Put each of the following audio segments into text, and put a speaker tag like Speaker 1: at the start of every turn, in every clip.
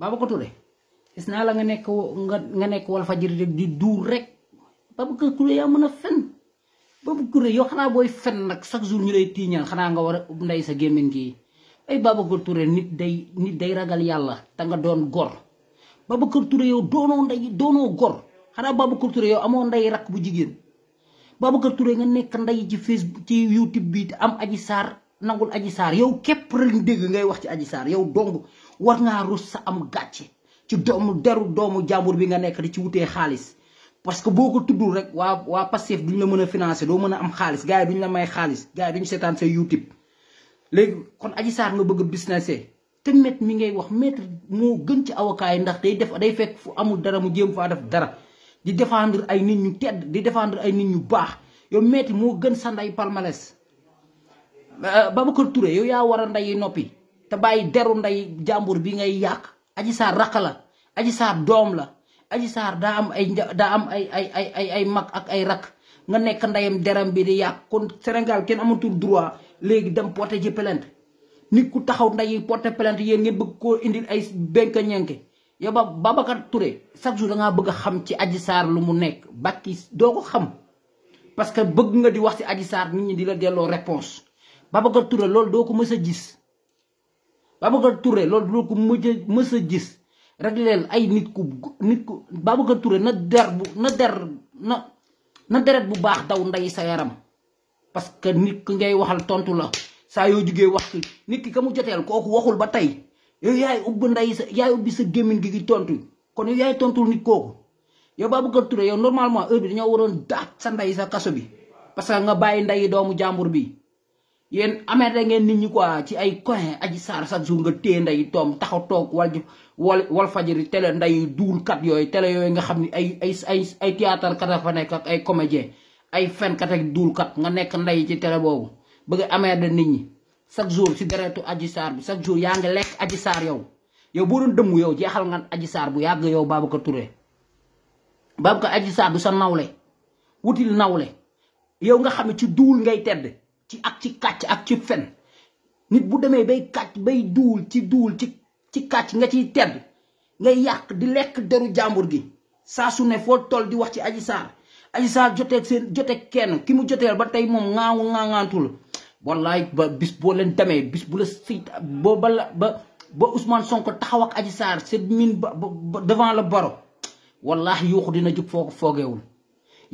Speaker 1: Babacar Touré gis naa la nga nekk nga nga nekk Walfadjri rek di duur rek Babacar Touré yaa mën a fen Babacar Touré yoo xanaa booy fen nag chaque jour ñu lay tiiñaan xanaa nga war a ndey sa gémmiñ gi ay Babacar nit day nit day ragal yàlla te nga doon gor Babacar yow doonoo ndey doonoo gor xanaa Babacar Touré yow amoo ndey rakk bu jigéen Babacar Touré nga nekk ndey ci Facebook ci YouTube bi am aji saar nangul aji saar yow képp rek ñu dégg ngay wax ci aji saar yow dong war ngaa rus sa am gàcce ci doomu deru doomu jàmbur bi nga nekk di ci wutee xaalis parce que boo ko tuddul rek waa waa Pastef duñ la mën a financer doo mën a am xaalis gars yi duñ la may xaalis gars yi duñ seetaan sa YouTube léegi kon aji saar nga bëgg businessé te maître mi ngay wax maître moo gën ci avocat yi ndax day def day fekk fu amul dara mu jéem faa def dara di défendre ay nit ñu tedd di défendre ay nit ñu baax yow maître moo gën sa nday palmarès Euh, Babacar ture yow yaa war a ndeyi noppi te bàyyi deru ndey jàmbur bi ngay yàq Adji Sarr raq la Adji Sarr doom la Adji Sarr daa am ay daa ay ay ay ay ay mag ak ay rak nga nekk ndeyam deram bi di yàq kon Sénégal kenn amatul droit léegi dem porté ji plainte nit ku taxaw ndeyi porté plainte yéen ngeen bëgg koo indil ay benka ñenke yow ba Babacar Touré chaque jour da bëgg a xam ci Adji Sarr lu mu nekk bakki doo ko xam parce que bëgg nga di wax ci Adji Sarr nit ñi di la delloo réponse Babacar Touré loolu doo ko mës a gis Babacar Touré loolu doo ko mës mës a gis rek leen ay nit ku nit ku Babacar Touré na der bu na der na na deret bu baax daw ndey sa yaram parce que nit ki ngay waxal tontu la saa yoo jugee wax ki nit ki ka mu joteel kooku waxul ba tey yow yaay ubbi nday sa yaay ubbi sa gémmiñ gi gi tontu kon yow yaay tontul nit kooku yow Babacar ture yow normalement heure bi dañoo waroon daat sa ndey sa kaso bi parce que nga bàyyi nday doomu jàmbur bi yéen amee da ngeen nit ñi quoi ci ay coin aji saar chaque nga téye nday toom taxaw toog wal wal wal fajiri nday duul kat yooyu télé yooyu nga xam ne ay ay ay ay théâtre kat ay comédien ay fenkat ak duul nga nekk nday ci télé boobu bëgg amee da nit ñi chaque jour si deretu aji bi chaque jour yaa ngi lekk aji saar yow yow boo doon yow jeexal nga aji bu yàgg yow Babacar Touré Babacar aji saar du sa nawle wutil nawle yow nga xam ne ci duul ngay tedd ci ak ci kàcc ak ci fen nit bu demee bay kàcc bay duul ci duul ci ci nga ciy tedd ngay yàq di lekk deru jàmbur gi saa su ne foo toll di wax ci Adji Sarr Adji Sarr seen joteeg kenn ki mu joteel ba tey moom ŋaawu ŋaaŋaantul wallaay ba bis boo leen demee bis bu la si boo ba la ba ba Ousmane Sonko taxaw ak Adji set seen ba devant le barreau wallaay yuuxu dina jub foo ko foogeewul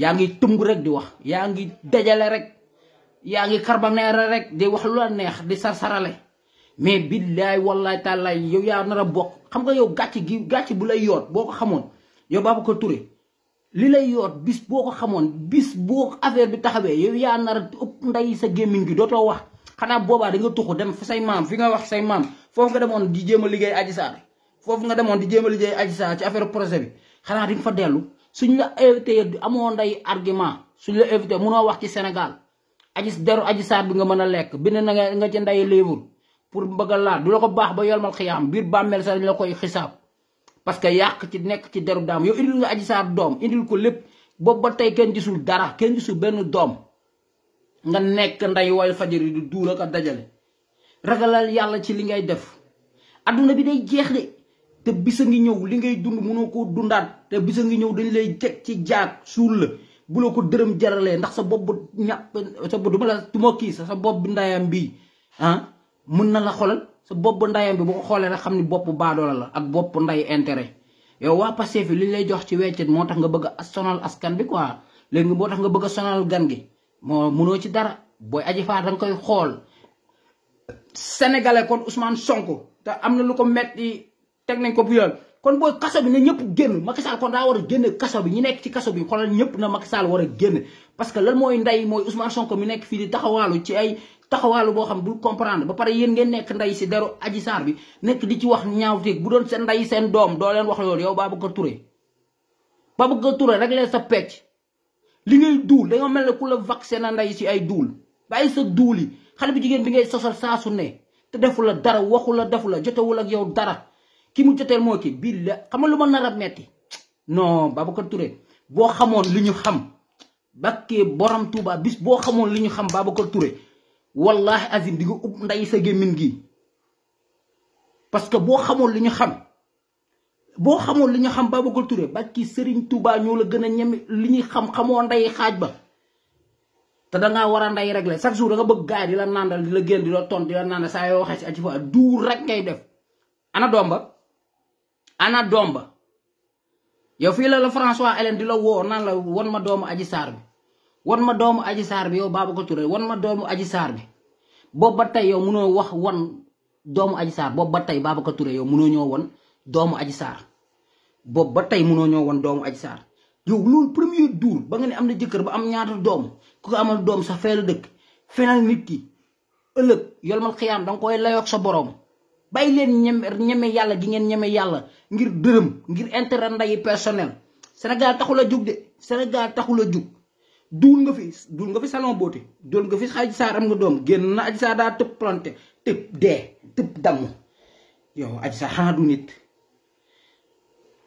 Speaker 1: yaa ngi tëmb rek di wax yaa ngi dajale rek yaa ngi carbonara rek di wax lu la neex di sarsarale mais billaay wallaay tàllaay yow yaa nara bokk xam nga yow gàcc gi gàcc bu lay yoot boo ko xamoon yow baabu ko ture li lay yoot bis boo ko xamoon bis boo affaire bi taxawee yow yaa nara a ëpp sa gémmiñ gi dootoo wax xanaa boobaa da nga tuxu dem fa say maam fi nga wax say maam foofu nga demoon di jéem a liggéey Adji Sarr foofu nga demoon di jéem a liggéey Adji Sarr ci affaire projet bi xanaa di nga fa dellu suñ la invité amoo nday argument suñ la invité wax ci Sénégal aji deru aji saar bi nga mën a lekk bind na nga ci nday léebul pour mbëgg a laal du la ko baax ba yolmal xiyaam biir bàmmeel sax dañ la koy xisaab parce que yàq ci nekk ci deru daam yow indil nga aji saar doom indil ko lépp boobu ba tey kenn gisul dara kenn gisul benn doom nga nekk ndeyu wal fajar yi du duur ak a dajale ragalal yàlla ci li ngay def adduna bi day jeex de te bisa ngi ñëw li ngay dund mënoo koo dundaat te bisa ngi ñëw dañ lay teg ci jaag suul la bu la ko dërëm jaralee ndax sa bopp bu ñàpp sa bopp ma la du ma kii sa bopp ndayam bii ah mun na la xoolal sa bopp ndayam bi bu ko xoolee rek xam ni bopp baadoola la ak bopp nday intérêt yow waa Pastef li lay jox ci weccet moo tax nga bëgg a sonal askan bi quoi léegi moo tax nga bëgg a sonal gan gi moo munoo ci dara booy aji faar danga koy xool sénégalais kon Ousmane Sonko te am na lu ko metti teg nañ ko bu kon booy kaso bi ne ñëpp génn Macky Sall kon daa war a génn kaso bi ñu nekk ci kaso bi xoolal ñëpp na Macky Sall war a génn parce que lan mooy ndey mooy Ousmane Sonko mi nekk fii di taxawaalu ci ay taxawaalu boo xam bul comprendre ba pare yéen ngeen nekk ndey si deru Adji Sarr bi nekk di ci wax ñaawteeg bu doon seen ndey seen doom doo leen wax loolu yow Babacar Touré Babacar Touré rek leen sa pecc li ngay duul da mel ne ku la vaccin na ndey ci ay duul bàyyi sa duul yi xale bi jigéen bi ngay sosal saa su ne te defu la dara waxu la defu la jotewul ak yow dara ki mu jotee moo ki bii la xam nga lu ma nar a metti non Babacar Touré boo xamoon li ñu xam bakkee borom Touba bis boo xamoon li ñu xam Babacar Touré wallahi azim di nga ub nday sa gémmin gi parce que boo xamoon li ñu xam boo xamoon li ñu xam Babacar Touré bakki sëriñ Touba ñoo la gën a ñeme li ñuy xam xamoo nday xaaj ba te dangaa war a nday régler chaque jour da nga bëgg gaay di la nandal di la génn di la tontu di la nandal saa yoo waxee si aci fa duur rek ngay def ana doom ba ana doom ba yow fii la la François Hélène di la woo naan la wan ma doomu aji saar bi wan ma doomu aji saar bi yow Babacar Touré wan ma doomu aji saar bi boobu ba tey yow mënoo wax wan doomu aji saar boobu ba tey Babacar Touré yow mënoo ñoo wan doomu aji saar boobu ba tey mënoo ñoo wan doomu aji saar yow loolu premier duur ba nga ne am na jëkkër ba am ñaata doom ku ko amal doom sax fee la dëkk fenal nit ki ëllëg yolmal xiyaam danga koy layoog sa boroom bàyyi leen ñeme ñeme yàlla gi ngeen ñeme yàlla ngir dërëm ngir intérêt ndayi personnel Sénégal taxul a jug de Sénégal taxul a jug duul nga fi duul fi salon beauté duul nga fi Adji Sarr am nga doom génn na Adji Sarr daa tëb planté tëb dee tëb damm yow Adji xanaa du nit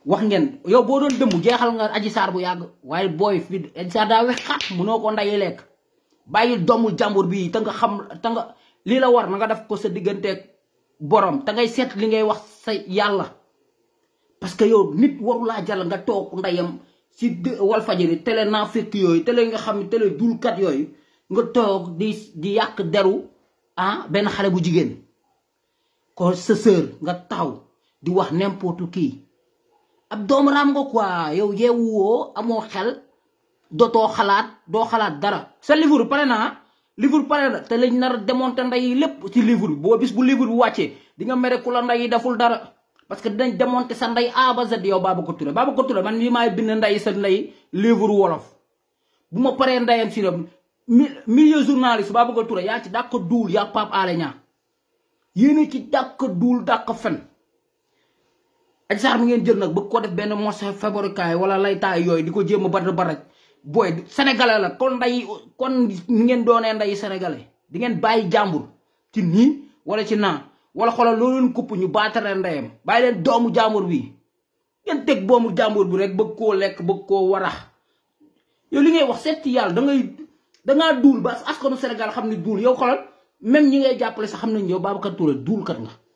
Speaker 1: wax ngeen yow boo doon dëmm jeexal nga Adji Sarr bu yàgg waaye booy fi Adji Sarr daa wex xat mënoo ko ndayi lekk bàyyi doomu jàmbur bii te nga xam te nga lii la war na nga def ko sa digganteeg borom te ngay seet li ngay wax sa yàlla parce que yow nit warulaa jàll nga toog ndeyam si Walfadjri télé naafékk yooyu télé nga xam ne télé dulkat yooyu nga toog di di yàq deru ah benn xale bu jigéen ko sa sœur nga taxaw di wax n'importe kii ab doomu raam nga quoi yow yeewuwoo amoo xel dootoo xalaat doo xalaat dara sa livre pare naa ah? livre pare na te lañ nar a démonter ndey yi lépp ci livre bi boo bis bu livre bi wàccee di nga mere ku la ndey yi deful dara parce que dinañ démonter sa ndey A ba Z yow Babacar Touré Babacar Touré man mii maay bind ndey sa ndey livre wolof bu ma paree ndeyam si dem milieu ba Babacar Touré yaa ci dàq duul yaa Pape Alé Niang yéen ci dàq duul dàq fen ak saar mi ngeen jël nag bëgg ko def benn mos feborikaay wala laytaay yooyu di ko jéem a bara booy sénégalais la kon nday kon ngeen doonee nday sénégalais di ngeen bàyyi jàmbur ci nii wala ci naa wala xoolal loolu leen kupp ñu baatare ndeyam bàyyi leen doomu jàmbur bi ngeen teg boomu jàmbur bi rek bëgg koo lekk bëgg koo warax yow li ngay wax seet ci yàlla da ngay dangaa duul ba askanu Sénégal xam ne duul yow xoolal même ñi ngay jàppale sax xam nañ yow Babacar Touré duulkat nga